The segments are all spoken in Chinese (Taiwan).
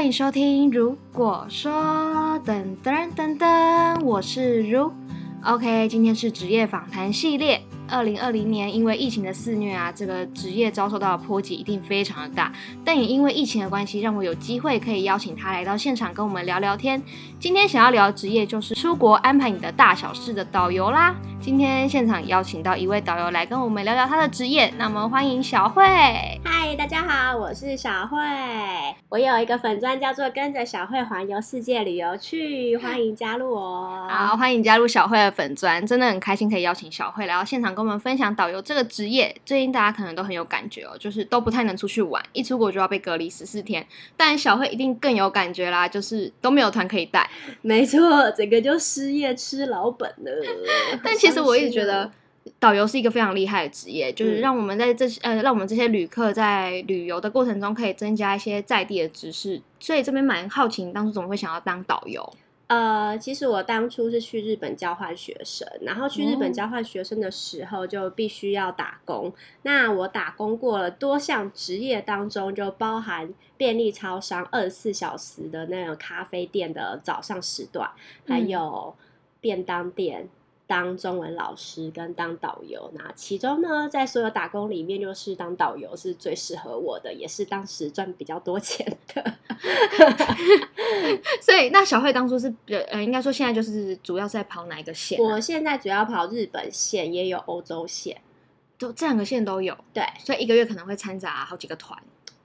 歡迎收聽。汝果說，噔噔噔噔，我是汝 OK，今天是職業訪談系列。二零二零年，因為疫情的肆虐啊，這個職業遭受到的波及一定非常的大。但也因為疫情的關係，讓我有機會可以邀請他來到現場，跟我們聊聊天。今天想要聊的職業就是出國安排你的大小事的導遊啦。今天現場邀請到一位導遊來跟我們聊聊他的職業，那麼歡迎小慧。嗨，大家好，我是小慧。我有一個粉專叫做“跟着小慧環遊世界旅遊趣”，歡迎加入我。好，歡迎加入小慧的粉專，真的很開心可以邀請小慧來到現場。我們分享導遊這個職業，最近大家可能都很有感覺哦，就是都不太能出去玩，一出國就要被隔離十四天。但小慧一定更有感覺啦，就是都沒有團可以帶。沒錯，整個就失業吃老本了。 但其實我也覺得，導遊是一個非常厲害的職業，就是讓我們在這些、嗯、呃，讓我們這些旅客在旅遊的過程中可以增加一些在地的知識。所以這邊蠻好奇，你當初怎麼會想要當導遊？呃，其實我當初是去日本交換學生，然後去日本交換學生的時候就必須要打工。哦，那我打工過了多項職業當中，就包含便利超商二十四小時的那種咖啡店的早上時段，還有便當店。嗯當中文老師跟當導遊，那其中呢，在所有打工裡面，就是當導遊是最適合我的，也是當時賺比較多錢的。 所以，那小慧當初是呃，應該說現在就是主要是在跑哪一個線啊？我現在主要跑日本線，也有歐洲線，都這兩個線都有。對，所以一個月可能會摻雜好幾個團。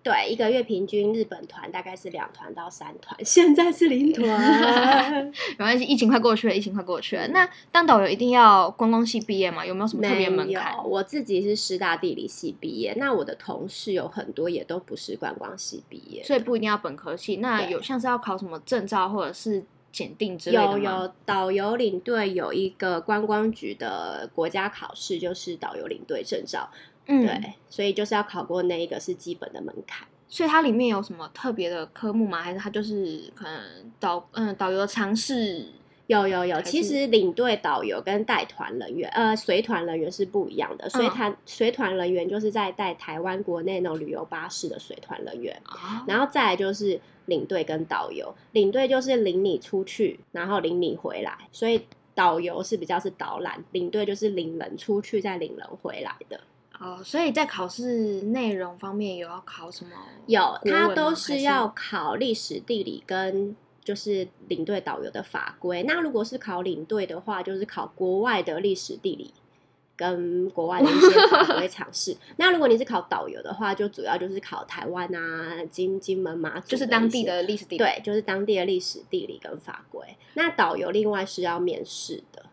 對，一個月平均日本團大概是兩團到三團，現在是零團， 沒關係，疫情快過去了，疫情快過去了。那當導遊一定要觀光系畢業嗎？有沒有什麼特別門檻？沒有，我自己是師大地理系畢業，那我的同事有很多也都不是觀光系畢業，所以不一定要本科系。對那有像是要考什麼證照或者是檢定之類的嗎？有有，導遊領隊有一個觀光局的國家考試，就是導遊領隊證照。嗯、對，所以就是要考過那一個是基本的門檻。所以它裡面有什麼特別的科目嗎？還是它就是可能導嗯導遊嘗試？有有有。是其實領隊導遊跟帶團人員呃隨團人員是不一樣的。隨團隨團人員就是在帶台灣國內那種旅遊巴士的隨團人員，哦、然後再來就是領隊跟導遊。領隊就是領你出去，然後領你回來。所以導遊是比較是導覽，領隊就是領人出去，再領人回來的。哦，oh, 所以在考試內容方面有要考什麼？有，它都是要考歷史地理跟就是領隊導遊的法規。那如果是考領隊的話，就是考國外的歷史地理跟國外的一些法規常識。 那如果你是考導遊的話，就主要就是考台灣啊、金金門、嘛，就是當地的歷史地理，對，就是當地的歷史地理跟法規。那導遊另外是要面試的，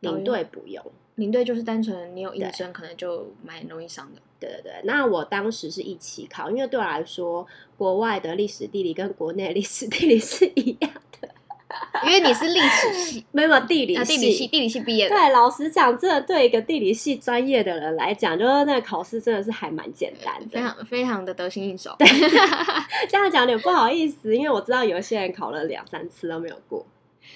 遊領隊不用。領隊就是單純你有應徵，對可能就蠻容易上的。對對對，那我當時是一起考，因為對我來說，國外的歷史地理跟國內歷史地理是一樣的， 因為你是歷史系，沒有地理、啊、地理系，地理系畢業的。對，老實講，真的對一個地理系專業的人來講，就是那個考試真的是還蠻簡單的，非常非常的得心應手。 對。這樣講有點不好意思，因為我知道有些人考了兩三次都沒有過。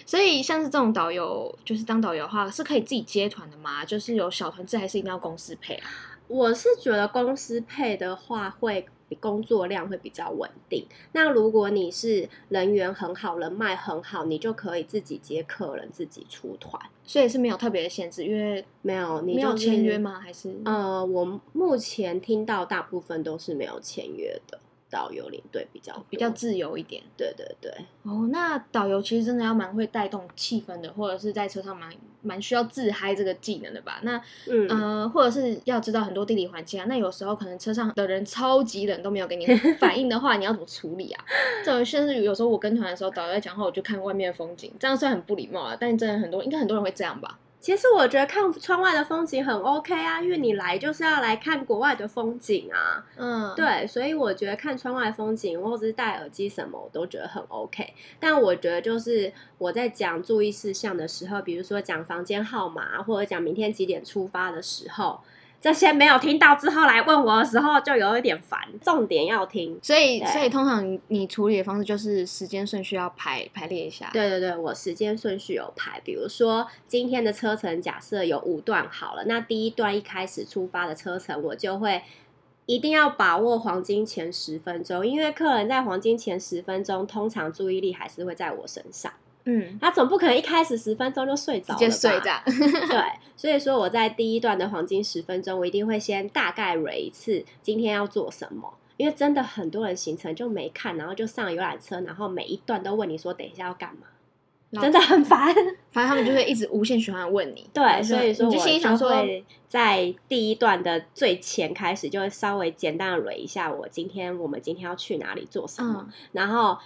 所以，像是這種導遊，就是當導遊的話，是可以自己接團的嗎？就是有小團制，還是一定要公司配啊？我是覺得公司配的話，會工作量會比較穩定。那如果你是人緣很好、人脈很好，你就可以自己接客人、自己出團，所以是沒有特別的限制。因為沒有，你就是、沒有簽約嗎？還是呃，我目前聽到大部分都是沒有簽約的。導遊領隊比較、哦、比較自由一點，對對對。哦，那導遊其實真的要蠻會帶動氣氛的，或者是在車上蠻蠻需要自嗨這個技能的吧？那嗯、呃，或者是要知道很多地理環境啊。那有時候可能車上的人超級冷都沒有給你反應的話， 你要怎麼處理啊？這種甚至有時候我跟團的時候，導遊在講話，我就看外面的風景。這樣雖然很不禮貌啊，但真的很多應該很多人會這樣吧？其實我覺得看窗外的風景很 OK 啊，因為你來就是要來看國外的風景啊，嗯，對，所以我覺得看窗外風景或者是戴耳機什麼，我都覺得很 OK。但我覺得就是我在講注意事項的時候，比如說講房間號碼或者講明天幾點出發的時候。這些沒有聽到之後來問我的時候，就有一點煩。重點要聽，所以對所以通常你處理的方式就是時間順序要排排列，一下。對對對，我時間順序有排。比如說今天的車程，假設有五段好了，那第一段一開始出發的車程，我就會一定要把握黃金前十分鐘，因為客人在黃金前十分鐘，通常注意力還是會在我身上。嗯，他總不可能一開始十分鐘就睡着，直接睡這樣 對，所以說我在第一段的黃金十分鐘，我一定會先大概捋一次今天要做什麼，因為真的很多人行程就沒看，然後就上遊覽車，然後每一段都問你說等一下要幹嘛，子真的很煩。反正他們就會一直無限循環問你。對，所以說我就會在第一段的最前開始，就會稍微簡單的捋一下我今天我們今天要去哪裡做什麼，嗯、然後。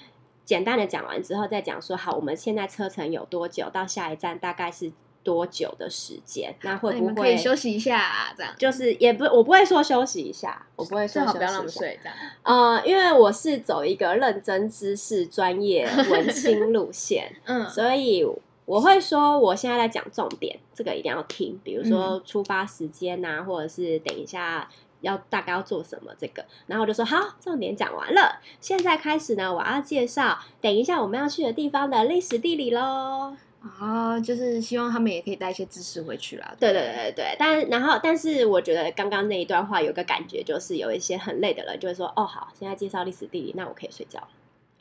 簡單的講完之後再講，再講說好，我們現在車程有多久？到下一站大概是多久的時間？那會不會休息一下、啊？這樣就是也不，我不會說休息一下，我不會說休息最好不要那麼睡這樣。呃，因為我是走一個認真、知識、專業、文青路線， 嗯，所以我會說我現在在講重點，這個一定要聽。比如說出發時間啊，嗯、或者是等一下。要大概要做什麼這個，然後我就說好，重點講完了，現在開始呢，我要介紹，等一下我們要去的地方的歷史地理嘍。啊、哦，就是希望他們也可以帶一些知識回去啦。對對對對對，但然後但是我覺得剛剛那一段話有個感覺，就是有一些很累的人就會說，哦好，現在介紹歷史地理，那我可以睡覺了。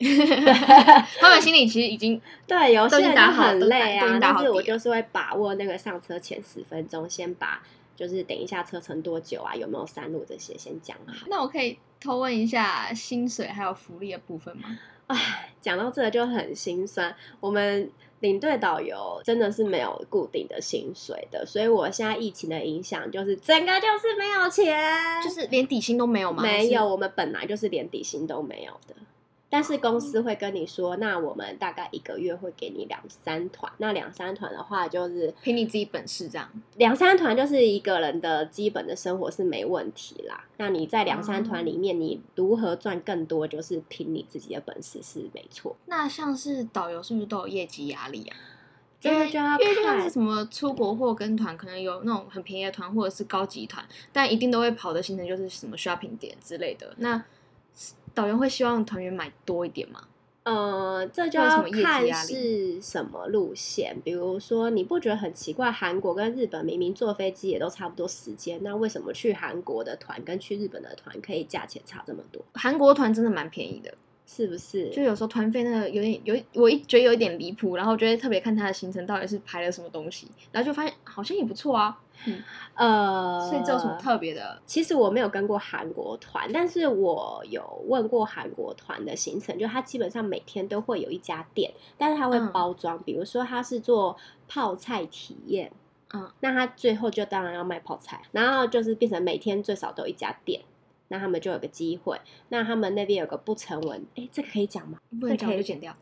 他們心裡其實已經對，有些人就很累啊，但是我就是會把握那個上車前十分鐘，先把。就是等一下車程多久啊？有沒有山路這些？先講好。那我可以偷問一下薪水還有福利的部分嗎？唉、啊，講到這就很心酸。我們領隊導遊真的是沒有固定的薪水的，所以我現在疫情的影響就是整個就是沒有錢，就是連底薪都沒有嗎？而且沒有，我們本來就是連底薪都沒有的。但是公司會跟你說，那我們大概一個月會給你兩三團。那兩三團的話，就是憑你自己本事這樣。兩三團就是一個人的基本的生活是沒問題啦。那你在兩三團裡面，你如何賺更多，就是憑你自己的本事是沒錯。那像是導遊，是不是都有業績壓力啊？對啊對啊，因為像是什麼出國或跟團，可能有那種很便宜的團，或者是高級團，但一定都會跑的行程就是什麼 shopping 點之類的。那導遊會希望團員買多一點嗎？呃，這就要看是什麼路線。呃、這就要看是什麼路線。比如說，你不覺得很奇怪？韓國跟日本明明坐飛機也都差不多時間，那為什麼去韓國的團跟去日本的團可以價錢差這麼多？韓國團真的蠻便宜的，是不是？就有時候團費那個，有點有我一覺得有點離譜，嗯、然後覺得特別看它的行程到底是排了什麼東西，然後就發現。好像也不錯啊，嗯、呃，所以這有什麼特別的？其實我沒有跟過韓國團，但是我有問過韓國團的行程，就他基本上每天都會有一家店，但是他會包裝，嗯、比如說他是做泡菜體驗，嗯，那他最後就當然要賣泡菜，然後就是變成每天最少都有一家店。那他們就有個機會。那他們那邊有個不成文，哎、欸，這個可以講嗎？不這可以，就剪掉。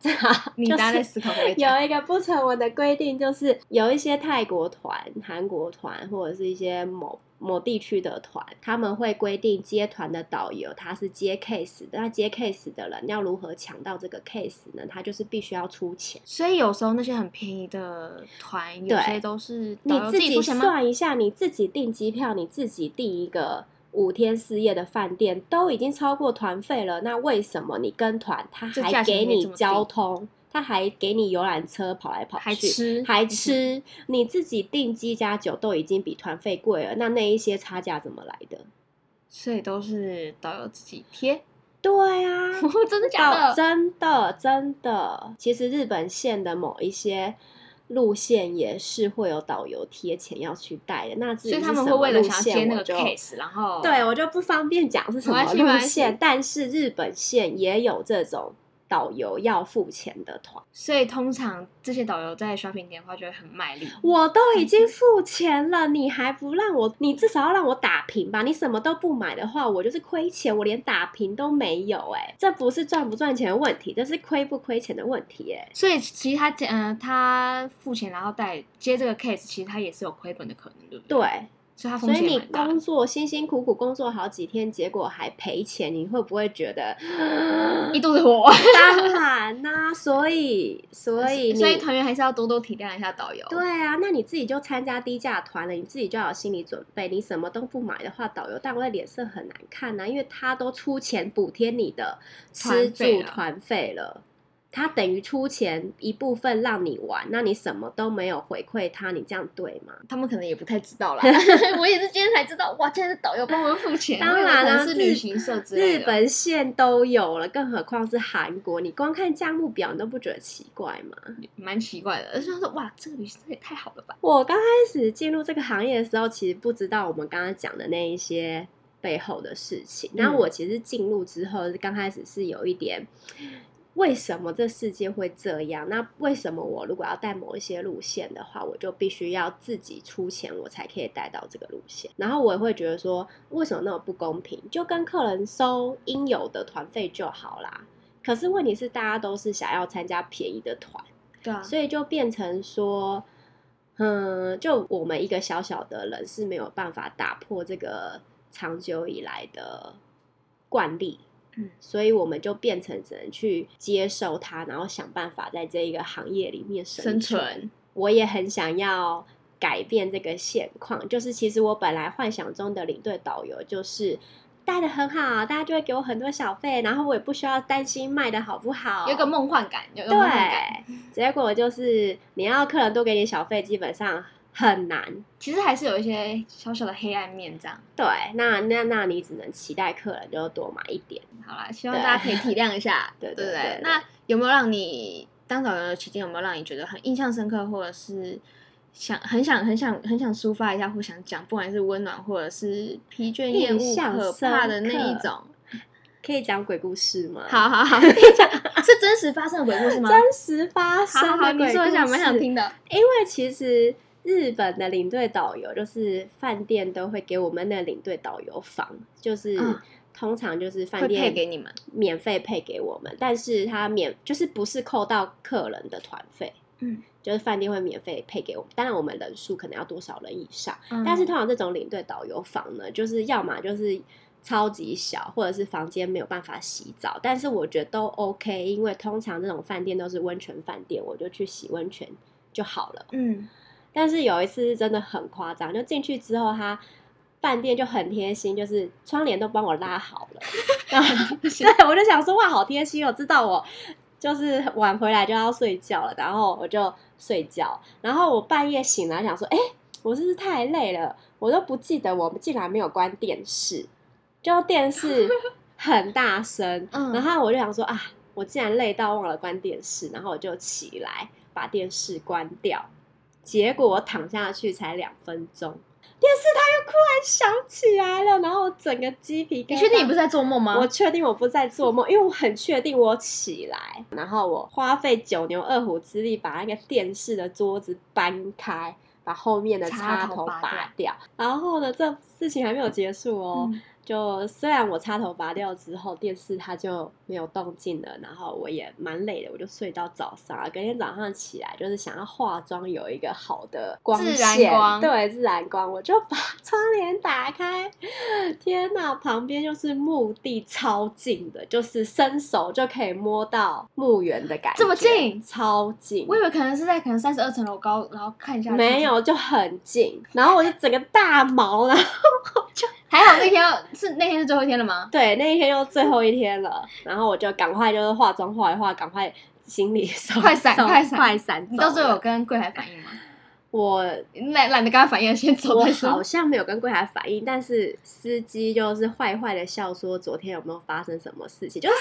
你還在思考？有一個不成文的規定，就是有一些泰國團、韓 國團，或者是一些某某地區的團，他們會規定接團的導遊他是接 case，那接 case 的人要如何搶到這個 case 呢？他就是必須要出錢。所以有時候那些很便宜的團，對有些都是自你自己算一下，你自己訂機票，你自己訂一個。五天四夜的飯店都已經超過團費了，那為什麼你跟團他還給你交通，他還給你遊覽車跑來跑去，還吃，還吃，還吃你自己訂機加酒都已經比團費貴了，那那一些差價怎麼來的？所以都是導遊自己貼。對啊， 真的假的？真的真的。其實日本線的某一些。路線也是會有導遊貼錢要去帶的，那是什麼路線？所以他們會為了想接那個 case，就然後對我就不方便講是什麼路線。但是日本線也有這種。導遊要付錢的團，所以通常這些導遊在商品店的話就會很賣力。我都已經付錢了，你還不讓我，你至少要讓我打平吧？你什麼都不買的話，我就是虧錢，我連打平都沒有、欸。哎，這不是賺不賺錢的問題，這是虧不虧錢的問題、欸。哎，所以其實他嗯、呃，他付錢然後帶接這個 case，其實他也是有虧本的可能，對不對？對所以，所以你工作辛辛苦苦工作好幾天，結果還賠錢，你會不會覺得一肚子火？ 當然啦、啊，所以所以所以團員還是要多多體諒一下導遊。對啊，那你自己就參加低價團了，你自己就要有心理準備。你什麼都不買的話，導遊但我的臉色很難看呐、啊，因為他都出錢補貼你的吃住團費了。他等於出錢一部分讓你玩，那你什麼都沒有回饋他，你這樣對嗎？他們可能也不太知道了。 我也是今天才知道，哇，今天是導遊幫我們付錢，當然啦，是旅行社。日本線都有了，更何況是韓國？你光看價目表，你都不覺得奇怪嗎？蠻奇怪的，而且他說，哇，這個旅行社也太好了吧！我剛開始進入這個行業的時候，其實不知道我們剛剛講的那一些背後的事情。嗯，然後我其實進入之後，剛開始是有一點。為什麼這世界會這樣？那為什麼我如果要帶某一些路線的話，我就必須要自己出錢，我才可以帶到這個路線。然後我也會覺得說，為什麼那麼不公平？就跟客人收應有的團費就好啦。可是問題是，大家都是想要參加便宜的團，對啊，所以就變成說，嗯，就我們一個小小的人是沒有辦法打破這個長久以來的慣例。嗯，所以我們就變成只能去接受它，然後想辦法在這一個行業裡面生存。生存。我也很想要改變這個現況，就是其實我本來幻想中的領隊導遊就是帶的很好，大家就會給我很多小費，然後我也不需要擔心賣的好不好，有個夢幻感，有個夢幻感。對，結果就是你要客人多給你小費，基本上。很難，其實還是有一些小小的黑暗面。這樣對，那那那你只能期待客人就多買一點，好啦，希望大家可以體諒一下，對，對對對。對對對，那有沒有讓你當導遊的期間有沒有讓你覺得很印象深刻，或者是想很想很想很想抒發一下，或想講，不管是溫暖或者是疲倦、厭惡、可怕的那一種，可以講鬼故事嗎？好好好，可以講 是真實發生的鬼故事嗎？真實發生的鬼故事，好，好，好，你說一下，蠻想聽的，因為其實。日本的領隊導遊就是飯店都會給我們那領隊導遊房，就是通常就是飯店給你們免費配給我們，但是他免就是不是扣到客人的團費，嗯，就是飯店會免費配給我們，當然我們人數可能要多少人以上，嗯，但是通常這種領隊導遊房呢，就是要麼就是超級小，或者是房間沒有辦法洗澡，但是我覺得都 OK，因為通常這種飯店都是溫泉飯店，我就去洗溫泉就好了，嗯。但是有一次是真的很誇張，就進去之後，他飯店就很貼心，就是窗簾都幫我拉好了。 然後，對，我就想說，哇，好貼心哦，知道我就是晚回來就要睡覺了，然後我就睡覺。然後我半夜醒了，想說，哎、欸，我是不是太累了？我都不記得我竟然沒有關電視，就電視很大聲。 然後我就想說，啊，我竟然累到忘了關電視，然後我就起來把電視關掉。結果我躺下去才兩分鐘，電視它又突然響起來了，然後整個雞皮。你確定你不是在做夢嗎？我確定我不在做夢，嗯、因為我很確定我起來，然後我花費九牛二虎之力把那個電視的桌子搬開，把後面的頭插頭拔掉。然後呢，這事情還沒有結束哦。嗯嗯就雖然我插頭拔掉之後，電視它就沒有動靜了，然後我也蠻累的，我就睡到早上啊。隔天早上起來就是想要化妝，有一個好的光線，自然光對，自然光，我就把窗簾打開。天哪、啊，旁邊就是墓地，超近的，就是伸手就可以摸到墓園的感覺，這麼近，超近。我以為可能是在可能三十二層樓高，然後看一下，沒有，就很近。然後我就整個大毛，唉唉唉，然後就還好。是那天是最後一天了嗎？對，那一天又最後一天了，然後我就趕快就是化妝化一化，趕快行李收快閃快閃快閃。你到最後有跟櫃檯反應嗎我懶懶得跟他反應，先走了。好像沒有跟櫃檯反應，但是司機就是壞壞的笑說，昨天有沒有發生什麼事情？就是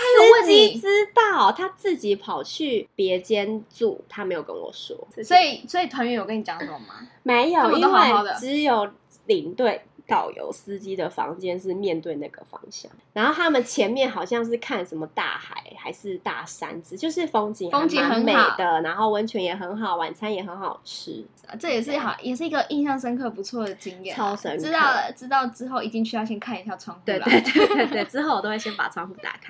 司機知道他自己跑去別間住，他沒有跟我說，所以所以團員有跟你講什麼嗎？沒有，因為只有領隊。導遊司機的房間是面對那個方向，然後他們前面好像是看什麼大海還是大山子，就是風景風景很美的，然後溫泉也很好，晚餐也很好吃，啊、這也是好，對也是一個印象深刻不錯的經驗，超神。知道知道之後一定需要先看一下窗戶，對對對對對， 之後我都會先把窗戶打開。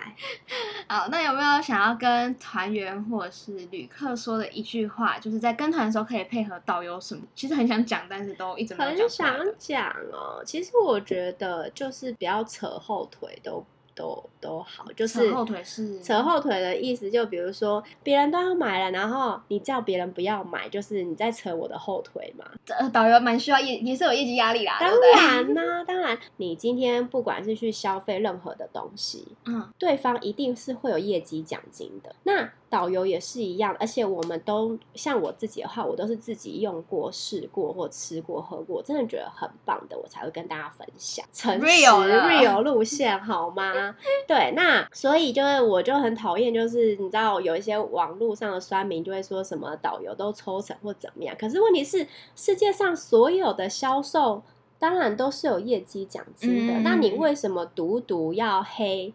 好，那有沒有想要跟團員或者是旅客說的一句話，就是在跟團的時候可以配合導遊什麼？其實很想講，但是都一直沒有講。很想講哦。其實我覺得就是不要扯後腿都都都好，就是扯後腿是扯後腿的意思，就比如說別人都要買了，然後你叫別人不要買，就是你在扯我的後腿嘛。導遊蠻需要業，也是有業績壓力啦，當然啦、啊， 當然你今天不管是去消費任何的東西，嗯，對方一定是會有業績獎金的。那導遊也是一樣，而且我們都像我自己的話，我都是自己用過、試過或吃過、喝過，真的覺得很棒的，我才會跟大家分享。誠實，real 路線好嗎？ 對，那所以就是，我就很討厭，就是你知道有一些網絡上的酸民就會說什麼導遊都抽成或怎麼樣，可是問題是世界上所有的銷售當然都是有業績獎金的，嗯、那你為什麼獨獨要黑？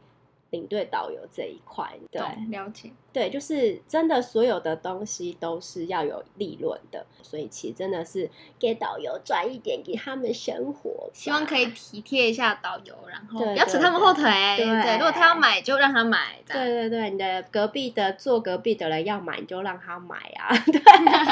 領隊導遊這一塊，對懂了解，對，就是真的，所有的東西都是要有利潤的，所以其實真的是給導遊賺一點，給他們生活，希望可以體貼一下導遊，然後不要扯他們後腿。對，如果他要買，就讓他買。對,對對對，你的隔壁的坐隔壁的人要買，你就讓他買啊。對，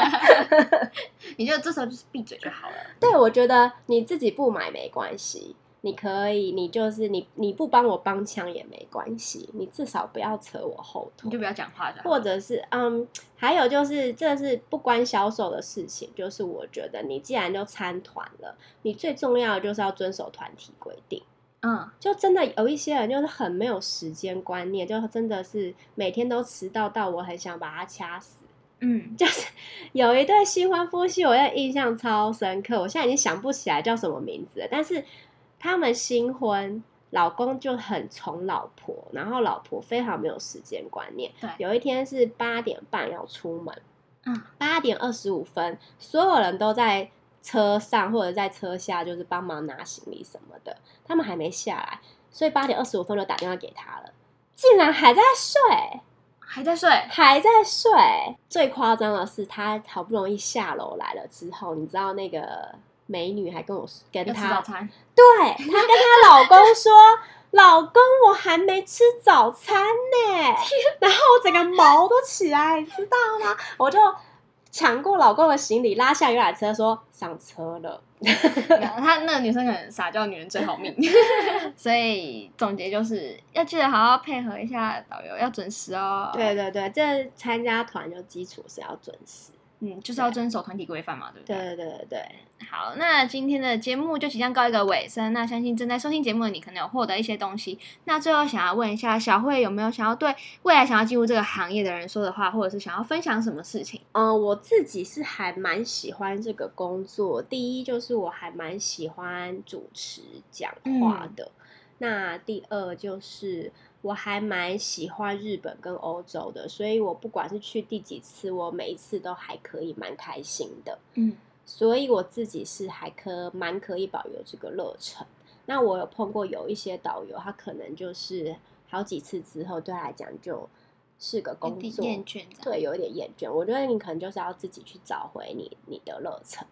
你就這時候就是閉嘴就好了。對，我覺得你自己不買沒關係。你可以，你就是你，你不幫我幫腔也沒關係，你至少不要扯我後腿，你就不要講話的。或者是，嗯，還有就是，這是不關銷售的事情，就是我覺得你既然都參團了，你最重要的就是要遵守團體規定。嗯，就真的有一些人就是很沒有時間觀念，就真的是每天都遲到到我很想把他掐死。嗯，就是有一對新婚夫妻，我的印象超深刻，我現在已經想不起來叫什麼名字了，但是。他們新婚，老公就很寵老婆，然後老婆非常沒有時間觀念。對，Right. 有一天是八點半要出門，uh. 八點二十五分，所有人都在車上或者在車下，就是幫忙拿行李什麼的，他們還沒下來，所以八點二十五分就打電話給他了，竟然還在睡，還在睡，還在睡。最誇張的是，他好不容易下樓來了之後，你知道那個。美女還跟我跟她，早餐，對，她跟她老公說：“ 老公，我還沒吃早餐呢、欸。” 然後我整個毛都起來， 你知道嗎？我就搶過老公的行李，拉下遊覽車說：“上車了。 ”她，那女生可能撒嬌，女人最好命， 所以總結就是要記得好好配合一下導遊，要準時哦。對對對，這參加團就基礎是要準時。嗯，就是要遵守團體規範嘛，對，對不對？對對對對。好，那今天的節目就即將告一個尾聲。那相信正在收聽節目的你，可能有獲得一些東西。那最後想要問一下，小慧有沒有想要對未來想要進入這個行業的人說的話，或者是想要分享什麼事情？呃、嗯，我自己是還蠻喜歡這個工作。第一就是我還蠻喜歡主持講話的。嗯那第二就是，我還蠻喜歡日本跟歐洲的，所以我不管是去第幾次，我每一次都還可以蠻開心的。嗯，所以我自己是還可蠻可以保留這個熱忱。那我有碰過有一些導遊，他可能就是好幾次之後，對他來講就是個工作厭倦，對，有一點厭倦。我覺得你可能就是要自己去找回你你的熱忱。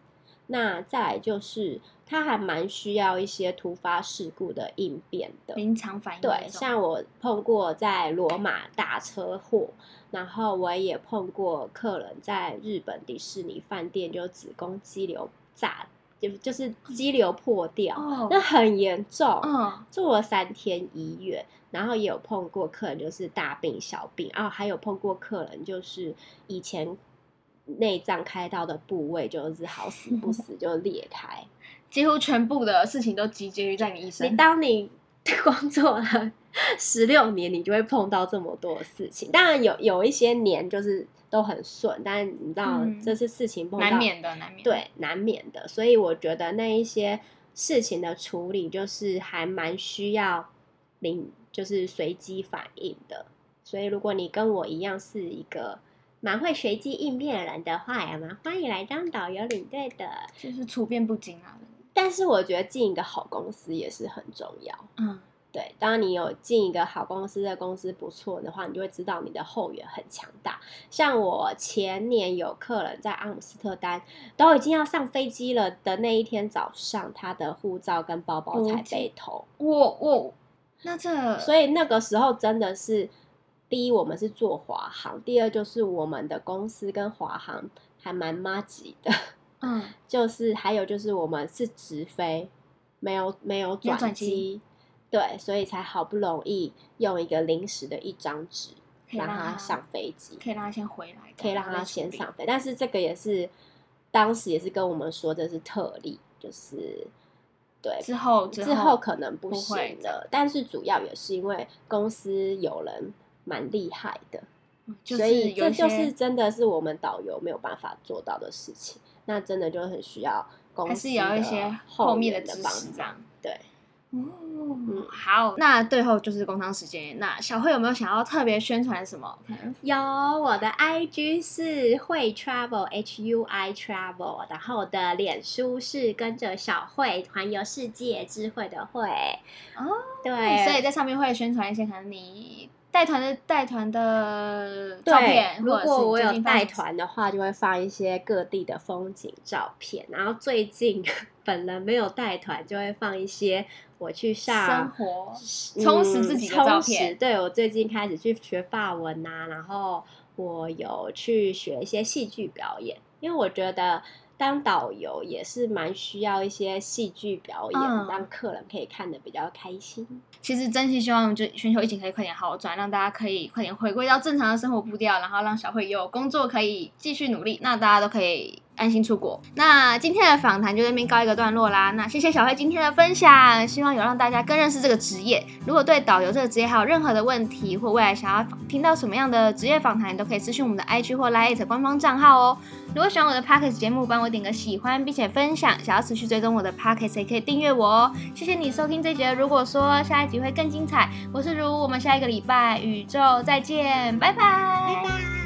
那再來就是，他還蠻需要一些突發事故的應變的，臨場反應。對，像我碰過在羅馬大車禍，Okay. 然後我也碰過客人在日本迪士尼飯店就子宮肌瘤炸，就就是肌瘤破掉，oh. 那很嚴重，嗯，住了三天醫院，然後也有碰過客人就是大病小病啊、哦，還有碰過客人就是以前。內臟開刀的部位，就是好死不死就裂開， 幾乎全部的事情都集結於在你一身。你當你工作了十六年，你就會碰到這麼多事情。當然有有一些年就是都很順，但是你知道、嗯、這是事情難免的，難免，對，難免的。所以我覺得那一些事情的處理就是還蠻需要靈，就是隨機反應的。所以如果你跟我一樣是一個。蠻會隨機應變的人的話，也蠻歡迎來當導遊領隊的，就是處變不驚啊。但是我覺得進一個好公司也是很重要。嗯，對，當你有進一個好公司的公司不錯的話，你就會知道你的後援很強大。像我前年有客人在阿姆斯特丹，都已經要上飛機了的那一天早上，他的護照跟包包才被偷。我我，那這，所以那個時候真的是。第一，我們是做華航；第二，就是我們的公司跟華航還蠻麻吉的，嗯， 就是還有就是我們是直飛，沒有沒有轉機，對，所以才好不容易用一個臨時的一張紙讓他上飛機，可以讓他先回來，可以讓他先上飛，但是這個也是當時也是跟我們說這是特例，就是對之後之後,之後可能不行的，會但是主要也是因為公司有人。蠻厲害的，所以這就是真的是我們導遊沒有辦法做到的事情，那真的就很需要公司一些後面的幫助，這對。嗯，好，那最後就是工商時間。那小慧有沒有想要特別宣傳什麼？有，我的 IG 是慧 Travel H U I Travel，然後我的臉書是跟着小慧環遊世界智慧的慧哦，對哦，所以在上面會宣傳一些可能你，帶團的帶團的照片，對，如果我有帶團的話，就會放一些各地的風景照片。然後最近本人沒有帶團，就會放一些我去上生活充實自己照片。嗯，充實，對，我最近開始去學法文啊，然後我有去學一些戲劇表演，因為我覺得。當導遊也是蠻需要一些戲劇表演，嗯，讓客人可以看得比較開心。其實真心希望就全球疫情可以快點好轉，讓大家可以快點回歸到正常的生活步調，然後讓小慧有工作可以繼續努力。那大家都可以。安心出國。那今天的訪談就在這邊告一個段落啦。那謝謝小慧今天的分享，希望有讓大家更認識這個職業。如果對導遊這個職業還有任何的問題，或未來想要聽到什麼樣的職業訪談，都可以私訊我們的 IG 或 LINE@ 官方賬號哦。如果喜歡我的 podcast 節目，幫我點個喜歡，並且分享。想要持續追蹤我的 podcast，也可以訂閱我哦。謝謝你收聽這一集。如果說下一集會更精彩，我是如，我們下一個禮拜宇宙再見，拜拜。拜拜。